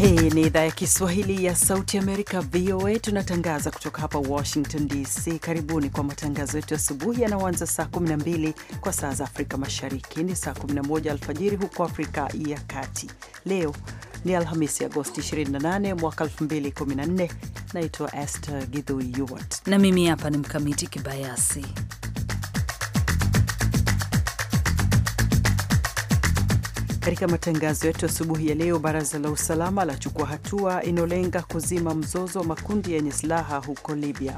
Hii ni idhaa ya Kiswahili ya Sauti Amerika, VOA. Tunatangaza kutoka hapa Washington DC. Karibuni kwa matangazo yetu asubuhi yanaoanza saa 12 kwa saa za Afrika Mashariki, ni saa 11 alfajiri huko Afrika ya Kati. Leo ni Alhamisi, Agosti 28 mwaka 2014. Naitwa Esther Githui Yuwat na mimi hapa ni Mkamiti Kibayasi Katika matangazo yetu asubuhi ya leo, baraza la usalama lachukua hatua inayolenga kuzima mzozo wa makundi yenye silaha huko Libya.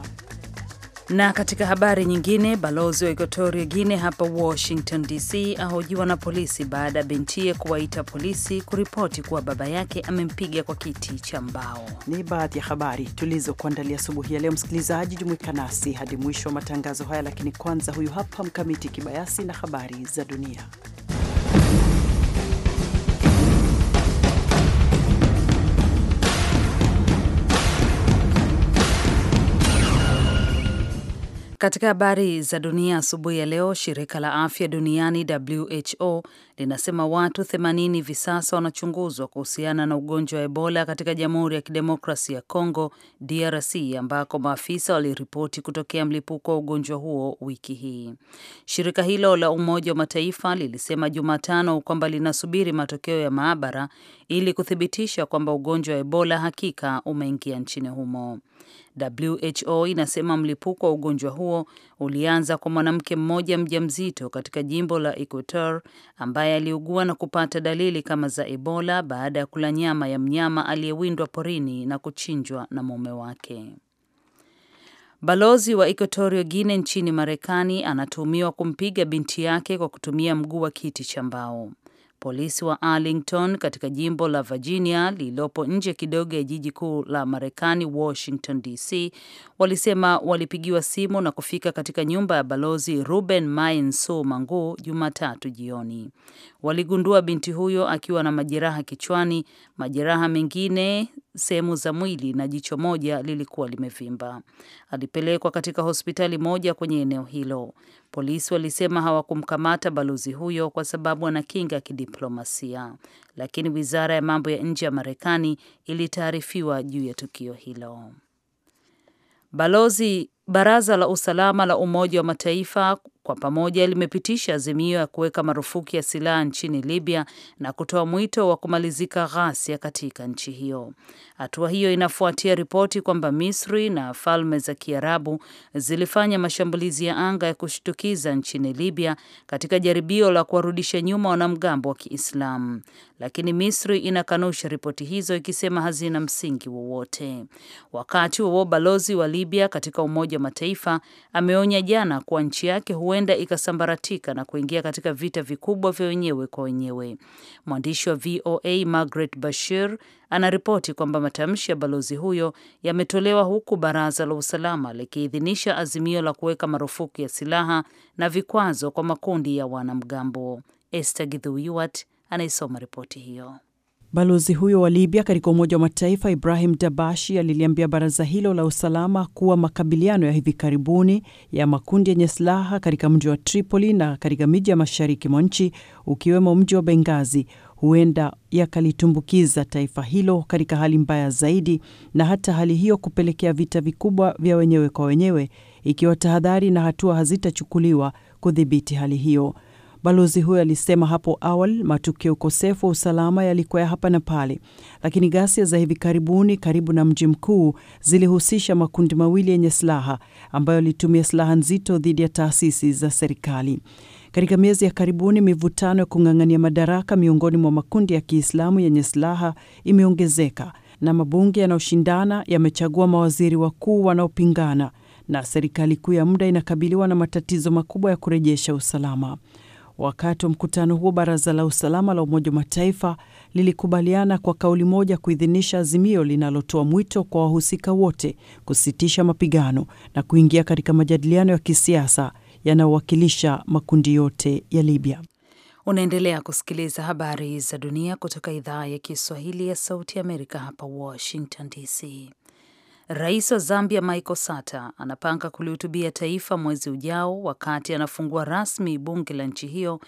Na katika habari nyingine, balozi wa ekuatori Guine hapa Washington DC ahojiwa na polisi baada ya bintiye kuwaita polisi kuripoti kuwa baba yake amempiga kwa kiti cha mbao. Ni baadhi ya habari tulizokuandalia asubuhi ya leo. Msikilizaji, jumuika nasi hadi mwisho wa matangazo haya, lakini kwanza, huyu hapa Mkamiti Kibayasi na habari za dunia. Katika habari za dunia asubuhi ya leo, shirika la afya duniani WHO linasema watu 80 hivi sasa wanachunguzwa kuhusiana na ugonjwa wa Ebola katika Jamhuri ya kidemokrasi ya congo DRC ambako maafisa waliripoti kutokea mlipuko wa ugonjwa huo wiki hii. Shirika hilo la Umoja wa Mataifa lilisema Jumatano kwamba linasubiri matokeo ya maabara ili kuthibitisha kwamba ugonjwa wa Ebola hakika umeingia nchini humo. WHO inasema mlipuko wa ugonjwa huo ulianza kwa mwanamke mmoja mjamzito katika jimbo la Equator ambaye ambaye aliugua na kupata dalili kama za Ebola baada ya kula nyama ya mnyama aliyewindwa porini na kuchinjwa na mume wake. Balozi wa Equatorio Guine nchini Marekani anatuhumiwa kumpiga binti yake kwa kutumia mguu wa kiti cha mbao. Polisi wa Arlington katika jimbo la Virginia lililopo nje kidogo ya jiji kuu la Marekani, Washington DC, walisema walipigiwa simu na kufika katika nyumba ya balozi Ruben Mainso Su Mangu Jumatatu jioni. Waligundua binti huyo akiwa na majeraha kichwani, majeraha mengine sehemu za mwili na jicho moja lilikuwa limevimba. Alipelekwa katika hospitali moja kwenye eneo hilo. Polisi walisema hawakumkamata balozi huyo kwa sababu ana kinga ya kidiplomasia, lakini wizara ya mambo ya nje ya Marekani ilitaarifiwa juu ya tukio hilo. Balozi Baraza la Usalama la Umoja wa Mataifa kwa pamoja limepitisha azimio ya kuweka marufuku ya silaha nchini Libya na kutoa mwito wa kumalizika ghasia katika nchi hiyo. Hatua hiyo inafuatia ripoti kwamba Misri na Falme za Kiarabu zilifanya mashambulizi ya anga ya kushtukiza nchini Libya katika jaribio la kuwarudisha nyuma wanamgambo wa Kiislamu lakini Misri inakanusha ripoti hizo ikisema hazina msingi wowote. Wakati huo balozi wa Libya katika Umoja wa Mataifa ameonya jana kuwa nchi yake huenda ikasambaratika na kuingia katika vita vikubwa vya wenyewe kwa wenyewe. Mwandishi wa VOA Margaret Bashir anaripoti kwamba matamshi ya balozi huyo yametolewa huku baraza la usalama likiidhinisha azimio la kuweka marufuku ya silaha na vikwazo kwa makundi ya wanamgambo. Esther Githuiwat anaisoma ripoti hiyo. Balozi huyo wa Libya katika Umoja wa Mataifa Ibrahim Dabashi aliliambia baraza hilo la usalama kuwa makabiliano ya hivi karibuni ya makundi yenye silaha katika mji wa Tripoli na katika miji ya mashariki mwa nchi ukiwemo mji wa Bengazi huenda yakalitumbukiza taifa hilo katika hali mbaya zaidi, na hata hali hiyo kupelekea vita vikubwa vya wenyewe kwa wenyewe, ikiwa tahadhari na hatua hazitachukuliwa kudhibiti hali hiyo. Balozi huyo alisema hapo awali matukio ukosefu wa usalama yalikuwa ya hapa na pale, lakini ghasia za hivi karibuni karibu na mji mkuu zilihusisha makundi mawili yenye silaha ambayo yalitumia silaha nzito dhidi ya taasisi za serikali. Katika miezi ya karibuni mivutano ya kung'ang'ania madaraka miongoni mwa makundi ya Kiislamu yenye silaha imeongezeka na mabunge yanayoshindana yamechagua mawaziri wakuu wanaopingana na serikali kuu ya muda inakabiliwa na matatizo makubwa ya kurejesha usalama. Wakati wa mkutano huo, baraza la usalama la Umoja wa Mataifa lilikubaliana kwa kauli moja kuidhinisha azimio linalotoa mwito kwa wahusika wote kusitisha mapigano na kuingia katika majadiliano ya kisiasa yanayowakilisha makundi yote ya Libya. Unaendelea kusikiliza habari za dunia kutoka idhaa ya Kiswahili ya Sauti ya Amerika, hapa Washington DC. Rais wa Zambia Michael Sata anapanga kulihutubia taifa mwezi ujao wakati anafungua rasmi bunge la nchi hiyo,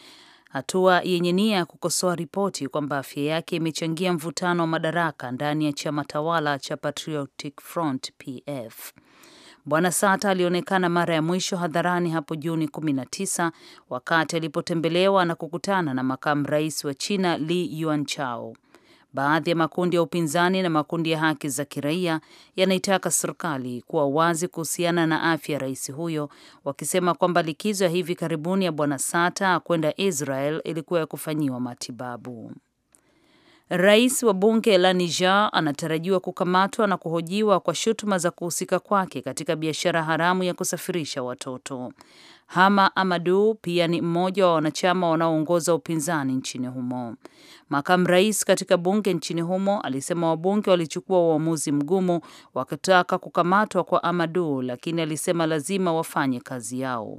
hatua yenye nia ya kukosoa ripoti kwamba afya yake imechangia mvutano wa madaraka ndani ya chama tawala cha Patriotic Front PF. Bwana Sata alionekana mara ya mwisho hadharani hapo Juni 19 wakati alipotembelewa na kukutana na makamu rais wa China Li Yuanchao. Baadhi ya makundi ya upinzani na makundi ya haki za kiraia yanaitaka serikali kuwa wazi kuhusiana na afya ya rais huyo, wakisema kwamba likizo ya hivi karibuni ya Bwana Sata kwenda Israel ilikuwa ya kufanyiwa matibabu. Rais wa bunge la Niger anatarajiwa kukamatwa na kuhojiwa kwa shutuma za kuhusika kwake katika biashara haramu ya kusafirisha watoto. Hama Amadu pia ni mmoja wa wanachama wanaoongoza upinzani nchini humo. Makamu rais katika bunge nchini humo alisema wabunge walichukua uamuzi mgumu wakitaka kukamatwa kwa Amadu, lakini alisema lazima wafanye kazi yao.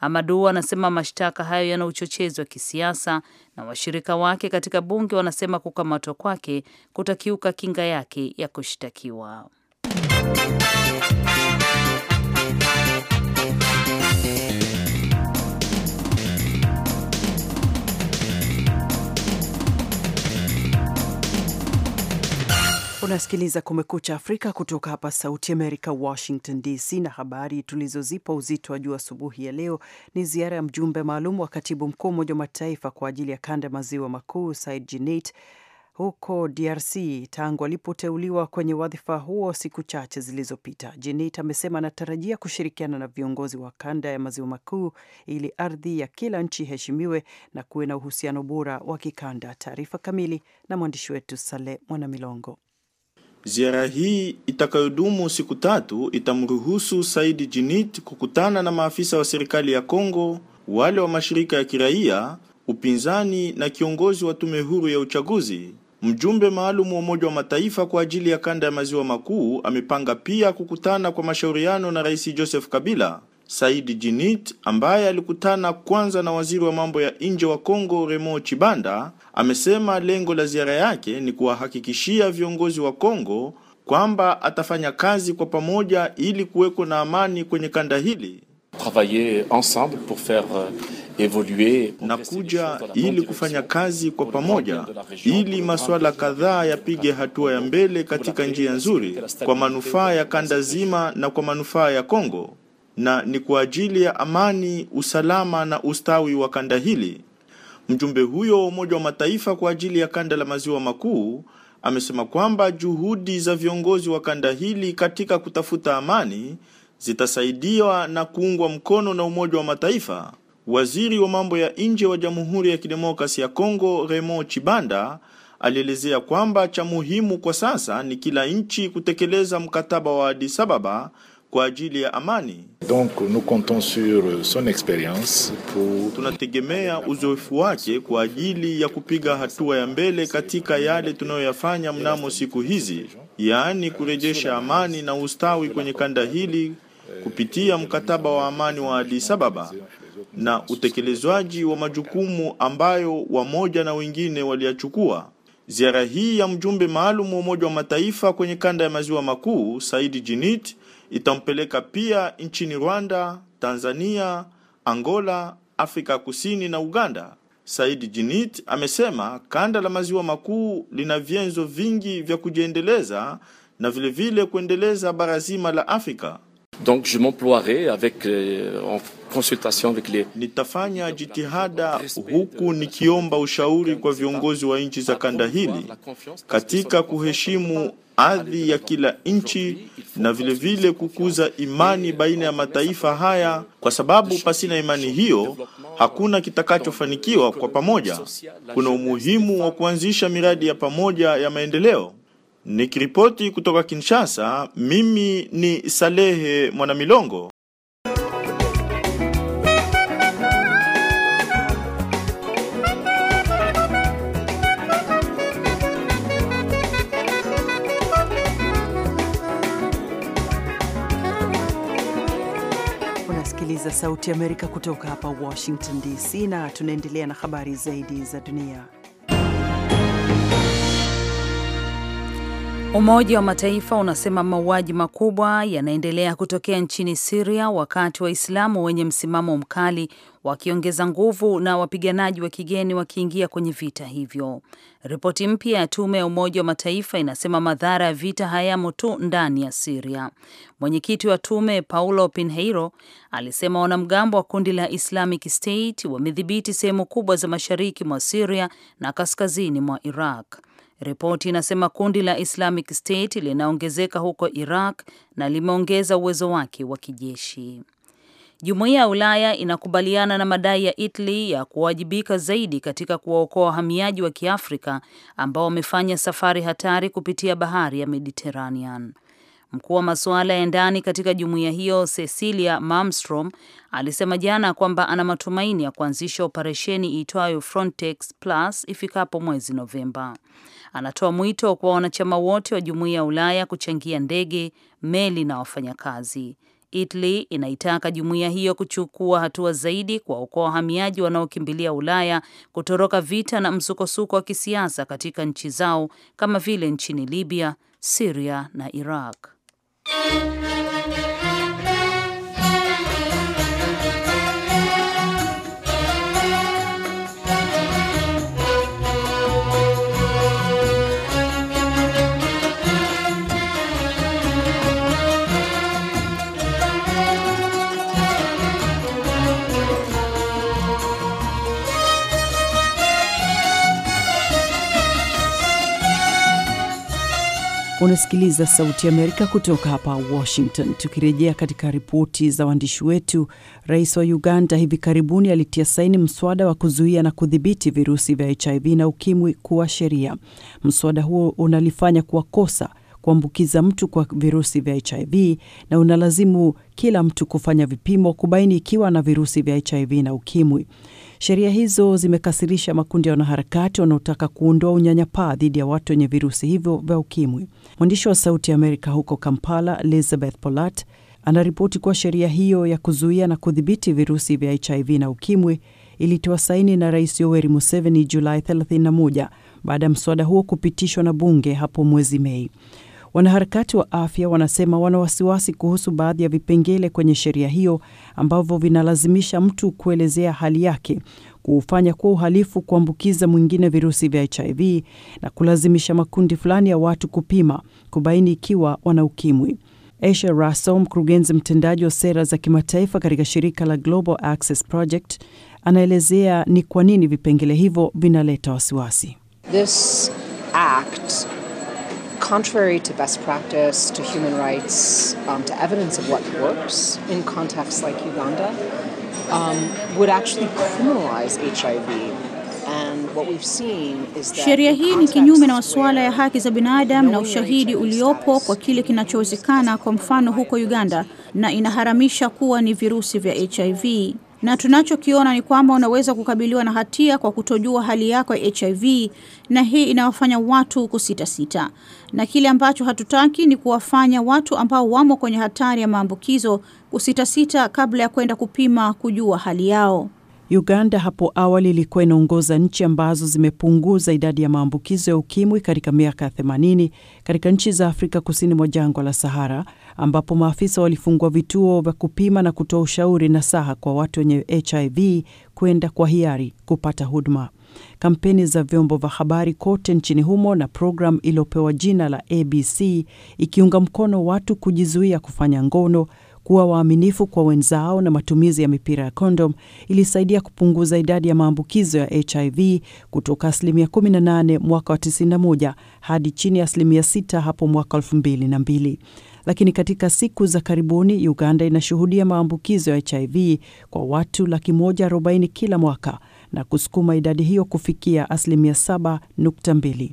Amadu anasema mashtaka hayo yana uchochezi wa kisiasa na washirika wake katika bunge wanasema kukamatwa kwake kutakiuka kinga yake ya kushtakiwa. Unasikiliza Kumekucha Afrika kutoka hapa Sauti Amerika, Washington DC, na habari tulizozipa uzito wa juu asubuhi ya leo ni ziara ya mjumbe maalum wa katibu mkuu wa Umoja wa Mataifa kwa ajili ya kanda ya maziwa makuu Said Djinnit huko DRC tangu alipoteuliwa kwenye wadhifa huo siku chache zilizopita. Djinnit amesema anatarajia kushirikiana na viongozi wa kanda ya maziwa makuu ili ardhi ya kila nchi iheshimiwe na kuwe na uhusiano bora wa kikanda. Taarifa kamili na mwandishi wetu Saleh Mwanamilongo. Ziara hii itakayodumu siku tatu itamruhusu Said jinit kukutana na maafisa wa serikali ya Kongo, wale wa mashirika ya kiraia, upinzani na kiongozi wa tume huru ya uchaguzi. Mjumbe maalum wa Umoja wa Mataifa kwa ajili ya kanda ya maziwa makuu amepanga pia kukutana kwa mashauriano na Rais Joseph Kabila. Said jinit ambaye alikutana kwanza na waziri wa mambo ya nje wa Kongo Remo Chibanda Amesema lengo la ziara yake ni kuwahakikishia viongozi wa Kongo kwamba atafanya kazi kwa pamoja ili kuweko na amani kwenye kanda hili travailler ensemble pour faire euh, na kuja ili kufanya kazi kwa pamoja ili masuala kadhaa yapige hatua ya mbele katika njia nzuri kwa manufaa ya kanda zima na kwa manufaa ya Kongo, na ni kwa ajili ya amani, usalama na ustawi wa kanda hili. Mjumbe huyo wa Umoja wa Mataifa kwa ajili ya kanda la maziwa makuu amesema kwamba juhudi za viongozi wa kanda hili katika kutafuta amani zitasaidiwa na kuungwa mkono na Umoja wa Mataifa. Waziri wa mambo ya nje wa Jamhuri ya Kidemokrasi ya Kongo Remo Chibanda alielezea kwamba cha muhimu kwa sasa ni kila nchi kutekeleza mkataba wa Addis Ababa kwa ajili ya amani. Donc nous comptons sur son expérience pour... tunategemea uzoefu wake kwa ajili ya kupiga hatua ya mbele katika yale tunayoyafanya mnamo siku hizi, yaani kurejesha amani na ustawi kwenye kanda hili kupitia mkataba wa amani wa Addis Ababa na utekelezwaji wa majukumu ambayo wamoja na wengine waliyachukua. Ziara hii ya mjumbe maalum wa Umoja wa Mataifa kwenye kanda ya maziwa makuu Saidi Jinit itampeleka pia nchini Rwanda, Tanzania, Angola, Afrika Kusini na Uganda. Said Jinit amesema kanda la maziwa makuu lina vyanzo vingi vya kujiendeleza na vilevile vile kuendeleza bara zima la Afrika. Donc je m'emploierai avec euh, en consultation avec les nitafanya jitihada huku nikiomba ushauri kwa viongozi wa nchi za kanda hili katika kuheshimu ardhi ya kila nchi na vilevile vile kukuza imani baina ya mataifa haya, kwa sababu pasina imani hiyo hakuna kitakachofanikiwa kwa pamoja. Kuna umuhimu wa kuanzisha miradi ya pamoja ya maendeleo. Nikiripoti kutoka Kinshasa, mimi ni Salehe Mwanamilongo. za Sauti Amerika kutoka hapa Washington DC, na tunaendelea na habari zaidi za dunia. Umoja wa Mataifa unasema mauaji makubwa yanaendelea kutokea nchini Siria wakati Waislamu wenye msimamo mkali wakiongeza nguvu na wapiganaji wa kigeni wakiingia kwenye vita hivyo. Ripoti mpya ya tume ya Umoja wa Mataifa inasema madhara ya vita hayamo tu ndani ya Siria. Mwenyekiti wa tume Paulo Pinheiro alisema wanamgambo wa kundi la Islamic State wamedhibiti sehemu kubwa za mashariki mwa Siria na kaskazini mwa Iraq. Ripoti inasema kundi la Islamic State linaongezeka huko Iraq na limeongeza uwezo wake wa kijeshi. Jumuiya ya Ulaya inakubaliana na madai ya Italy ya kuwajibika zaidi katika kuwaokoa wahamiaji wa Kiafrika ambao wamefanya safari hatari kupitia bahari ya Mediterranean. Mkuu wa masuala ya ndani katika jumuiya hiyo Cecilia Malmstrom alisema jana kwamba ana matumaini ya kuanzisha operesheni iitwayo Frontex Plus ifikapo mwezi Novemba. Anatoa mwito kwa wanachama wote wa jumuiya ya Ulaya kuchangia ndege, meli na wafanyakazi. Italy inaitaka jumuiya hiyo kuchukua hatua zaidi kuwaokoa wahamiaji wanaokimbilia Ulaya kutoroka vita na msukosuko wa kisiasa katika nchi zao kama vile nchini Libya, siria na Iraq. Unasikiliza Sauti Amerika kutoka hapa Washington. Tukirejea katika ripoti za waandishi wetu, rais wa Uganda hivi karibuni alitia saini mswada wa kuzuia na kudhibiti virusi vya HIV na ukimwi kuwa sheria. Mswada huo unalifanya kuwa kosa kuambukiza mtu kwa virusi vya HIV na unalazimu kila mtu kufanya vipimo kubaini ikiwa na virusi vya HIV na ukimwi. Sheria hizo zimekasirisha makundi ya wanaharakati wanaotaka kuondoa unyanyapaa dhidi ya watu wenye virusi hivyo vya ukimwi. Mwandishi wa Sauti ya Amerika huko Kampala, Elizabeth Polat, anaripoti kuwa sheria hiyo ya kuzuia na kudhibiti virusi vya HIV na ukimwi ilitoa saini na Rais Yoweri Museveni Julai 31 baada ya mswada huo kupitishwa na bunge hapo mwezi Mei. Wanaharakati wa afya wanasema wana wasiwasi kuhusu baadhi ya vipengele kwenye sheria hiyo ambavyo vinalazimisha mtu kuelezea hali yake, kuufanya kuwa uhalifu kuambukiza mwingine virusi vya HIV na kulazimisha makundi fulani ya watu kupima kubaini ikiwa wana ukimwi. Asha Raso, mkurugenzi mtendaji wa sera za kimataifa katika shirika la Global Access Project, anaelezea ni kwa nini vipengele hivyo vinaleta wasiwasi. This act contrary to best practice, to human rights, um, to evidence of what works in contexts like Uganda, um, would actually criminalize HIV Sheria hii ni kinyume na masuala ya haki za binadamu na ushahidi uliopo kwa kile kinachowezekana, kwa mfano huko Uganda, na inaharamisha kuwa ni virusi vya HIV na tunachokiona ni kwamba unaweza kukabiliwa na hatia kwa kutojua hali yako ya HIV, na hii inawafanya watu kusitasita, na kile ambacho hatutaki ni kuwafanya watu ambao wamo kwenye hatari ya maambukizo kusitasita kabla ya kwenda kupima kujua hali yao. Uganda hapo awali ilikuwa inaongoza nchi ambazo zimepunguza idadi ya maambukizo ya ukimwi katika miaka 80 katika nchi za Afrika kusini mwa jangwa la Sahara, ambapo maafisa walifungua vituo vya kupima na kutoa ushauri na saha kwa watu wenye HIV kwenda kwa hiari kupata huduma. Kampeni za vyombo vya habari kote nchini humo na programu iliyopewa jina la ABC ikiunga mkono watu kujizuia kufanya ngono, kuwa waaminifu kwa wenzao na matumizi ya mipira ya kondom ilisaidia kupunguza idadi ya maambukizo ya HIV kutoka asilimia 18 mwaka wa 91 hadi chini ya asilimia 6 hapo mwaka 2002 lakini katika siku za karibuni Uganda inashuhudia maambukizo ya HIV kwa watu laki 140 kila mwaka na kusukuma idadi hiyo kufikia asilimia 7.2.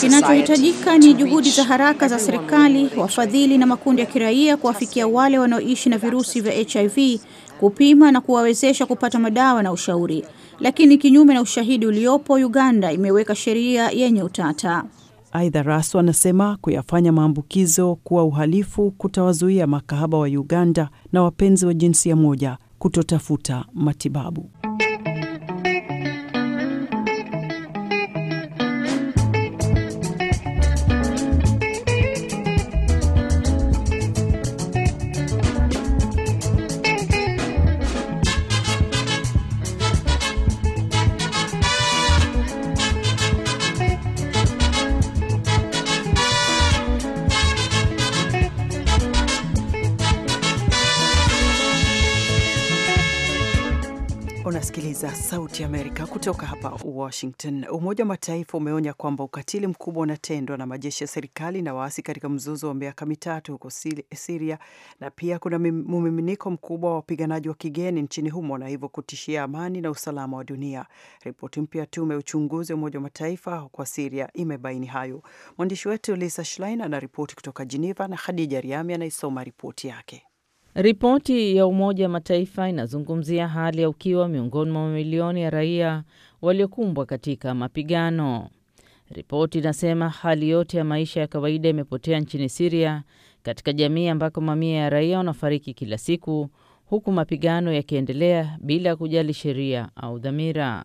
Kinachohitajika ni juhudi za haraka za serikali, wafadhili na makundi ya kiraia kuwafikia wale wanaoishi na virusi vya HIV, kupima na kuwawezesha kupata madawa na ushauri lakini kinyume na ushahidi uliopo, Uganda imeweka sheria yenye utata. Aidha, rasu anasema kuyafanya maambukizo kuwa uhalifu kutawazuia makahaba wa Uganda na wapenzi wa jinsia moja kutotafuta matibabu. Kutoka hapa Washington, Umoja wa Mataifa umeonya kwamba ukatili mkubwa unatendwa na majeshi ya serikali na waasi katika mzozo wa miaka mitatu huko Siria, na pia kuna mumiminiko mkubwa wa wapiganaji wa kigeni nchini humo na hivyo kutishia amani na usalama wa dunia. Ripoti mpya ya tume ya uchunguzi wa Umoja wa Mataifa kwa Siria imebaini hayo. Mwandishi wetu Lisa Schlein anaripoti kutoka Jeneva na Khadija Riami anaisoma ripoti yake. Ripoti ya Umoja wa Mataifa inazungumzia hali ya ukiwa miongoni mwa mamilioni ya raia waliokumbwa katika mapigano. Ripoti inasema hali yote ya maisha ya kawaida imepotea nchini Siria, katika jamii ambako mamia ya raia wanafariki kila siku, huku mapigano yakiendelea bila kujali sheria au dhamira.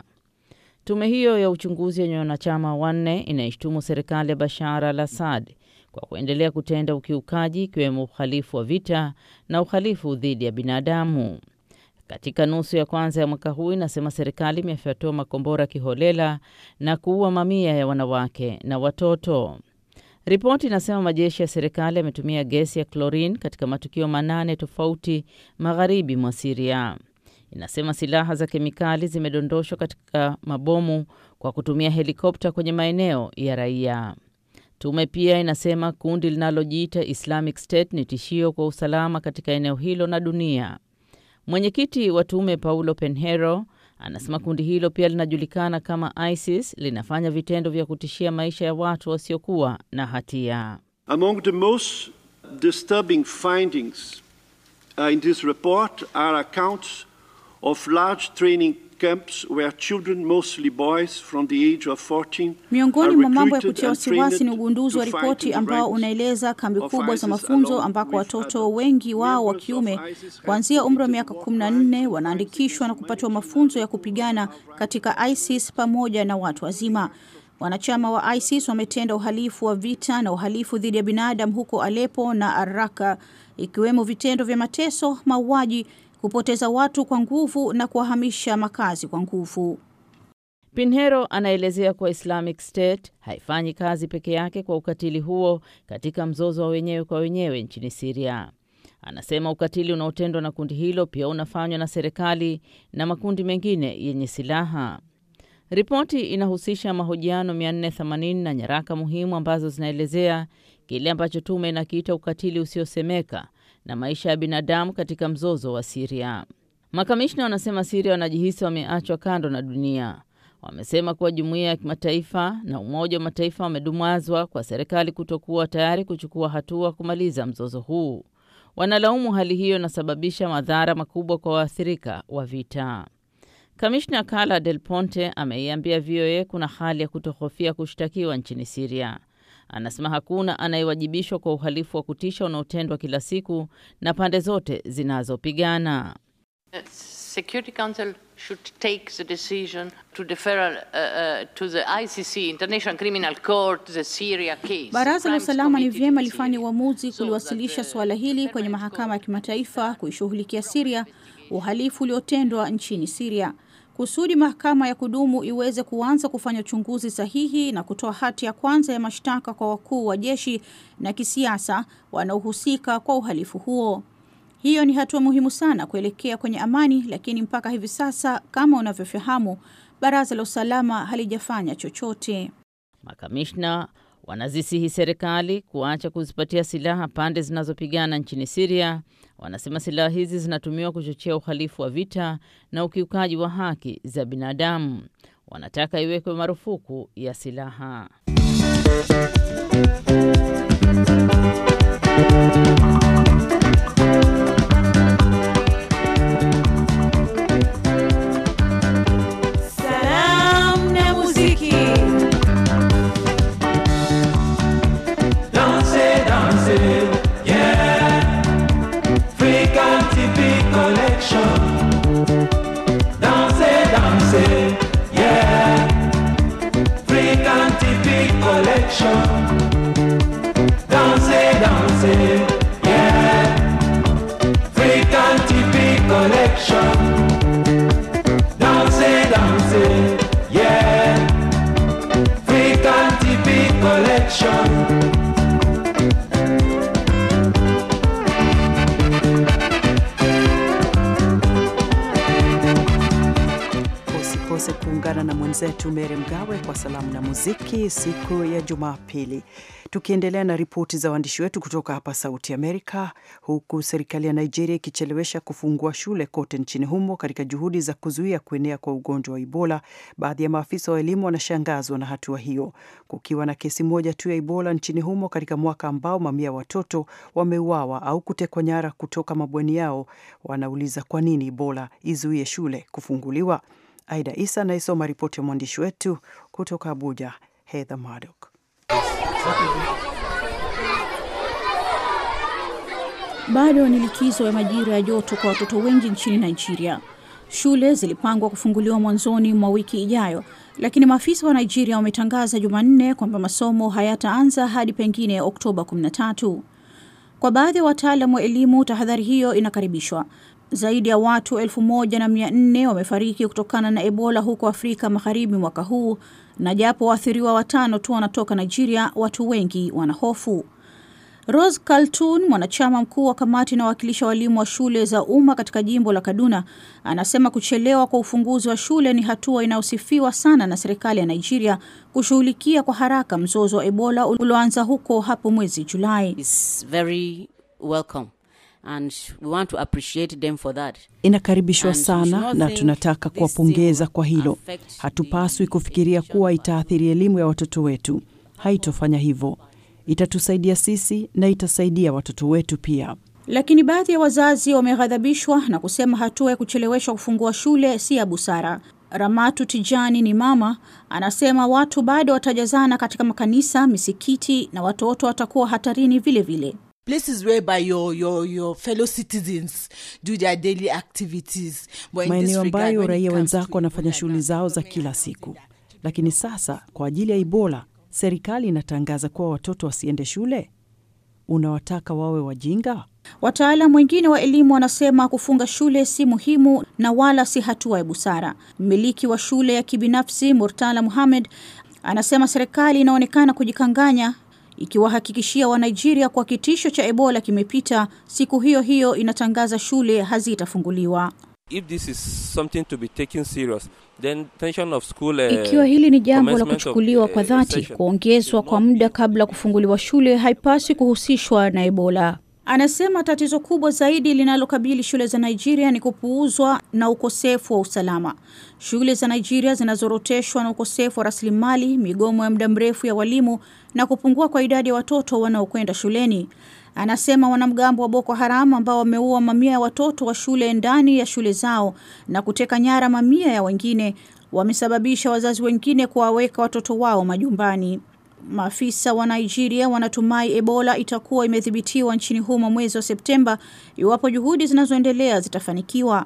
Tume hiyo ya uchunguzi yenye wanachama wanne inaishtumu serikali ya Bashar al Assad kwa kuendelea kutenda ukiukaji ikiwemo uhalifu wa vita na uhalifu dhidi ya binadamu. Katika nusu ya kwanza ya mwaka huu, inasema serikali imefyatua makombora kiholela na kuua mamia ya wanawake na watoto. Ripoti inasema majeshi ya serikali yametumia gesi ya klorini katika matukio manane tofauti magharibi mwa Siria. Inasema silaha za kemikali zimedondoshwa katika mabomu kwa kutumia helikopta kwenye maeneo ya raia. Tume pia inasema kundi linalojiita Islamic State ni tishio kwa usalama katika eneo hilo na dunia. Mwenyekiti wa tume Paulo penhero anasema kundi hilo pia linajulikana kama ISIS linafanya vitendo vya kutishia maisha ya watu wasiokuwa na hatia. Among the most disturbing findings uh, in this report are accounts of large training camps where children, mostly boys from the age of 14, miongoni mwa mambo ya kutia wasiwasi ni ugunduzi wa ripoti ambao unaeleza kambi kubwa za mafunzo ambako watoto wengi wao wa kiume kuanzia umri wa miaka 14 wanaandikishwa na kupatiwa mafunzo ya kupigana katika ISIS pamoja na watu wazima. Wanachama wa ISIS wametenda uhalifu wa vita na uhalifu dhidi ya binadamu huko Aleppo na araka ikiwemo vitendo vya mateso, mauaji hupoteza watu kwa nguvu na kuwahamisha makazi kwa nguvu. Pinheiro anaelezea kuwa Islamic State haifanyi kazi peke yake kwa ukatili huo katika mzozo wa wenyewe kwa wenyewe nchini Siria. Anasema ukatili unaotendwa na kundi hilo pia unafanywa na serikali na makundi mengine yenye silaha. Ripoti inahusisha mahojiano 480 na nyaraka muhimu ambazo zinaelezea kile ambacho tume inakiita ukatili usiosemeka na maisha ya binadamu katika mzozo wa Siria. Makamishna wanasema Siria wanajihisi wameachwa kando na dunia. Wamesema kuwa jumuiya ya kimataifa na Umoja wa Mataifa wamedumazwa kwa serikali kutokuwa tayari kuchukua hatua kumaliza mzozo huu. Wanalaumu hali hiyo inasababisha madhara makubwa kwa waathirika wa vita. Kamishna Carla Del Ponte ameiambia VOA kuna hali ya kutohofia kushtakiwa nchini Siria, Anasema hakuna anayewajibishwa kwa uhalifu wa kutisha unaotendwa kila siku na pande zote zinazopigana. Uh, Baraza la Usalama ni vyema lifanye uamuzi kuliwasilisha suala hili kwenye mahakama ya kimataifa kuishughulikia Siria, uhalifu uliotendwa nchini Siria kusudi mahakama ya kudumu iweze kuanza kufanya uchunguzi sahihi na kutoa hati ya kwanza ya mashtaka kwa wakuu wa jeshi na kisiasa wanaohusika kwa uhalifu huo. Hiyo ni hatua muhimu sana kuelekea kwenye amani, lakini mpaka hivi sasa, kama unavyofahamu, baraza la usalama halijafanya chochote. Makamishna wanazisihi serikali kuacha kuzipatia silaha pande zinazopigana nchini Siria. Wanasema silaha hizi zinatumiwa kuchochea uhalifu wa vita na ukiukaji wa haki za binadamu. Wanataka iwekwe marufuku ya silaha. filamu na muziki siku ya Jumapili. Tukiendelea na ripoti za waandishi wetu kutoka hapa Sauti Amerika, huku serikali ya Nigeria ikichelewesha kufungua shule kote nchini humo katika juhudi za kuzuia kuenea kwa ugonjwa wa Ebola, baadhi ya maafisa wa elimu wanashangazwa na hatua wa hiyo, kukiwa na kesi moja tu ya Ebola nchini humo katika mwaka ambao mamia watoto wameuawa au kutekwa nyara kutoka mabweni yao. Wanauliza kwa nini Ebola izuie shule kufunguliwa. Aida Isa anayesoma ripoti ya mwandishi wetu kutoka Abuja, Heather madok Bado ni likizo ya majira ya joto kwa watoto wengi nchini Nigeria. Shule zilipangwa kufunguliwa mwanzoni mwa wiki ijayo, lakini maafisa wa Nigeria wametangaza Jumanne kwamba masomo hayataanza hadi pengine Oktoba 13. Kwa baadhi ya wataalam wa elimu, tahadhari hiyo inakaribishwa, zaidi ya watu elfu moja na mia nne wamefariki kutokana na Ebola huko Afrika Magharibi mwaka huu, na japo waathiriwa watano tu wanatoka Nigeria, watu wengi wanahofu. Rose Kaltun, mwanachama mkuu wa kamati wakilisha walimu wa shule za umma katika jimbo la Kaduna, anasema kuchelewa kwa ufunguzi wa shule ni hatua inayosifiwa sana na serikali ya Nigeria kushughulikia kwa haraka mzozo wa Ebola ulioanza huko hapo mwezi Julai. It's very welcome. And we want to appreciate them for that. Inakaribishwa sana na tunataka kuwapongeza kwa hilo. Hatupaswi kufikiria kuwa itaathiri elimu ya watoto wetu, haitofanya hivyo. Itatusaidia sisi na itasaidia watoto wetu pia. Lakini baadhi ya wazazi wameghadhabishwa na kusema hatua ya kucheleweshwa kufungua shule si ya busara. Ramatu Tijani ni mama, anasema watu bado watajazana katika makanisa, misikiti na watoto watakuwa hatarini vilevile vile places whereby your your your fellow citizens do their daily activities maeneo ambayo raia wenzako wanafanya shughuli zao za kila siku. Lakini sasa kwa ajili ya Ibola, serikali inatangaza kuwa watoto wasiende shule. Unawataka wawe wajinga? Wataalamu wengine wa elimu wanasema kufunga shule si muhimu na wala si hatua ya busara. Mmiliki wa shule ya kibinafsi Murtala Muhamed anasema serikali inaonekana kujikanganya ikiwahakikishia Wanigeria kwa kitisho cha Ebola kimepita. Siku hiyo hiyo inatangaza shule hazitafunguliwa. If this is something to be taken serious, then tension of school, uh, ikiwa hili ni jambo la kuchukuliwa kwa uh, dhati, kuongezwa kwa muda kabla kufunguliwa shule haipaswi kuhusishwa na Ebola. Anasema tatizo kubwa zaidi linalokabili shule za Nigeria ni kupuuzwa na ukosefu wa usalama. Shule za Nigeria zinazoroteshwa na ukosefu wa rasilimali, migomo ya muda mrefu ya walimu na kupungua kwa idadi ya watoto wanaokwenda shuleni. Anasema wanamgambo wa Boko Haram ambao wameua mamia ya watoto wa shule ndani ya shule zao na kuteka nyara mamia ya wengine wamesababisha wazazi wengine kuwaweka watoto wao majumbani. Maafisa wa Nigeria wanatumai Ebola itakuwa imedhibitiwa nchini humo mwezi wa Septemba iwapo juhudi zinazoendelea zitafanikiwa.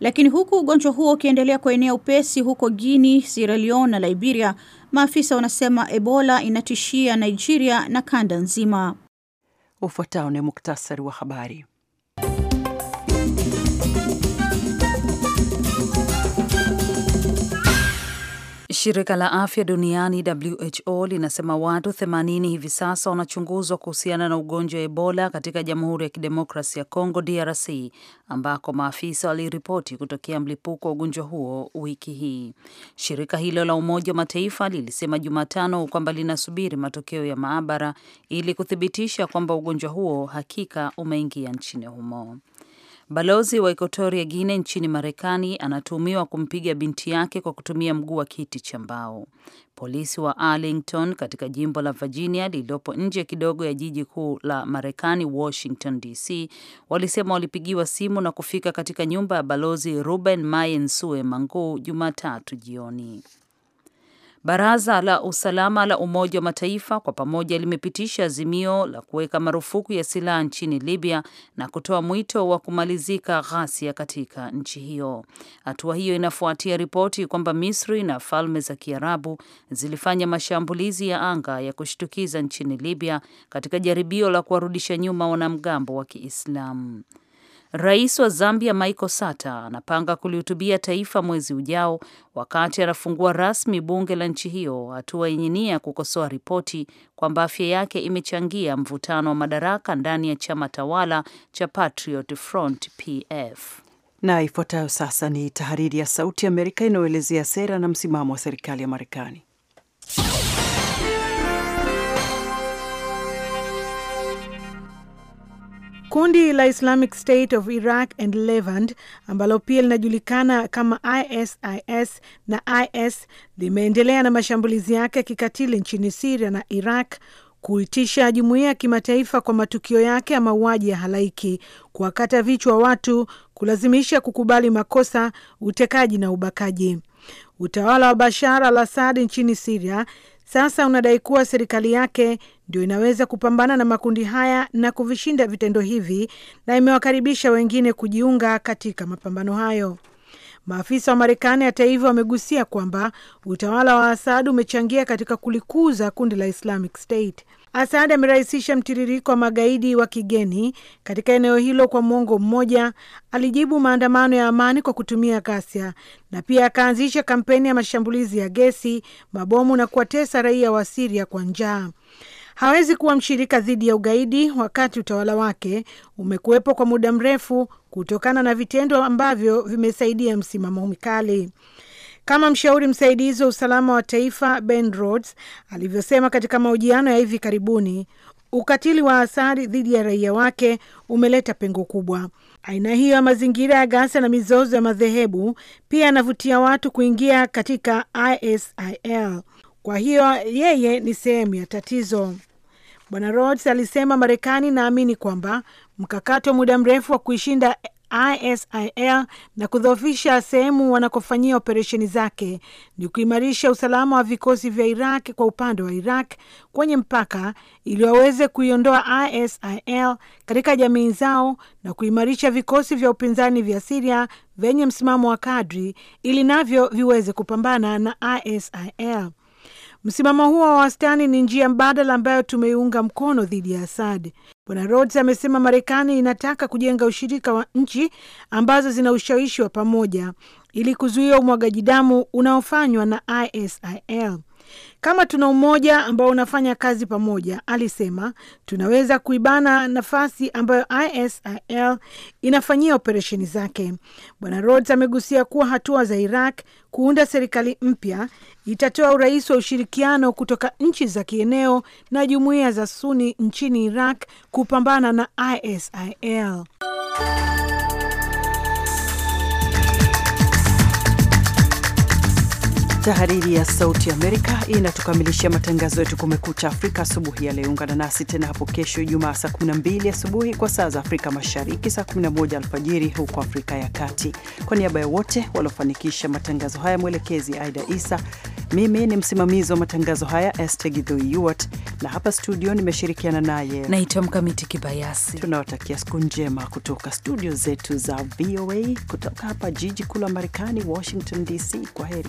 Lakini huku ugonjwa huo ukiendelea kuenea upesi huko guini Sierra Leone na Liberia, maafisa wanasema Ebola inatishia Nigeria na kanda nzima. Ufuatao ni muktasari wa habari. Shirika la afya duniani WHO linasema watu 80 hivi sasa wanachunguzwa kuhusiana na ugonjwa wa Ebola katika Jamhuri ya Kidemokrasia ya Kongo DRC ambako maafisa waliripoti kutokea mlipuko wa ugonjwa huo wiki hii. Shirika hilo la Umoja wa Mataifa lilisema Jumatano kwamba linasubiri matokeo ya maabara ili kuthibitisha kwamba ugonjwa huo hakika umeingia nchini humo. Balozi wa Ekuatoria guine nchini Marekani anatuhumiwa kumpiga binti yake kwa kutumia mguu wa kiti cha mbao. Polisi wa Arlington katika jimbo la Virginia lililopo nje kidogo ya jiji kuu la Marekani, Washington DC, walisema walipigiwa simu na kufika katika nyumba ya balozi Ruben Mayen Sue Mangu Jumatatu jioni. Baraza la Usalama la Umoja wa Mataifa kwa pamoja limepitisha azimio la kuweka marufuku ya silaha nchini Libya na kutoa mwito wa kumalizika ghasia katika nchi hiyo. Hatua hiyo inafuatia ripoti kwamba Misri na Falme za Kiarabu zilifanya mashambulizi ya anga ya kushtukiza nchini Libya katika jaribio la kuwarudisha nyuma wanamgambo wa Kiislamu. Rais wa Zambia Michael Sata anapanga kulihutubia taifa mwezi ujao wakati anafungua rasmi bunge la nchi hiyo, hatua yenye nia kukosoa ripoti kwamba afya yake imechangia mvutano wa madaraka ndani ya chama tawala cha Patriot Front PF. Na ifuatayo sasa ni tahariri ya Sauti ya Amerika inayoelezea sera na msimamo wa serikali ya Marekani. Kundi la Islamic State of Iraq and Levant ambalo pia linajulikana kama ISIS na IS limeendelea na mashambulizi yake ya kikatili nchini Siria na Iraq kuitisha jumuiya ya kimataifa kwa matukio yake ya mauaji ya halaiki, kuwakata vichwa watu, kulazimisha kukubali makosa, utekaji na ubakaji. Utawala wa Bashar al Assad nchini Siria sasa unadai kuwa serikali yake ndio inaweza kupambana na makundi haya na kuvishinda vitendo hivi, na imewakaribisha wengine kujiunga katika mapambano hayo. Maafisa wa Marekani hata hivyo wamegusia kwamba utawala wa Asad umechangia katika kulikuza kundi la Islamic State. Asad amerahisisha mtiririko wa magaidi wa kigeni katika eneo hilo kwa mwongo mmoja. Alijibu maandamano ya amani kwa kutumia ghasia na pia akaanzisha kampeni ya mashambulizi ya gesi, mabomu na kuwatesa raia wa Siria kwa njaa. Hawezi kuwa mshirika dhidi ya ugaidi wakati utawala wake umekuwepo kwa muda mrefu kutokana na vitendo ambavyo vimesaidia msimamo mkali kama mshauri msaidizi wa usalama wa taifa Ben Rhodes alivyosema katika mahojiano ya hivi karibuni. Ukatili wa Asari dhidi ya raia wake umeleta pengo kubwa. Aina hiyo ya mazingira ya ghasia na mizozo ya madhehebu pia yanavutia watu kuingia katika ISIL. Kwa hiyo yeye ni sehemu ya tatizo. Bwana Rhodes alisema Marekani inaamini kwamba mkakati wa muda mrefu wa kuishinda ISIL na kudhoofisha sehemu wanakofanyia operesheni zake ni kuimarisha usalama wa vikosi vya Iraq kwa upande wa Iraq kwenye mpaka ili waweze kuiondoa ISIL katika jamii zao na kuimarisha vikosi vya upinzani vya Siria vyenye msimamo wa kadri ili navyo viweze kupambana na ISIL. Msimamo huo wa wastani ni njia mbadala ambayo tumeiunga mkono dhidi ya Assad, Bwana Rhodes amesema Marekani inataka kujenga ushirika wa nchi ambazo zina ushawishi wa pamoja ili kuzuia umwagaji damu unaofanywa na ISIL. Kama tuna umoja ambao unafanya kazi pamoja, alisema, tunaweza kuibana nafasi ambayo ISIL inafanyia operesheni zake. Bwana Rhodes amegusia kuwa hatua za Iraq kuunda serikali mpya itatoa urais wa ushirikiano kutoka nchi za kieneo na jumuiya za Suni nchini Iraq kupambana na ISIL. Tahariri ya Sauti Amerika inatukamilishia matangazo yetu Kumekucha Afrika asubuhi ya leo. Ungana nasi tena hapo kesho Ijumaa saa 12 asubuhi kwa saa za Afrika Mashariki, saa 11 alfajiri huko Afrika ya Kati. Kwa niaba ya wote waliofanikisha matangazo haya, mwelekezi Aida Isa, mimi ni msimamizi wa matangazo haya Estegidhoiuat, na hapa studio nimeshirikiana naye naitwa Mkamiti Kibayasi. Tunawatakia siku njema kutoka studio zetu za VOA kutoka hapa jiji kuu la Marekani, Washington DC. Kwa heri.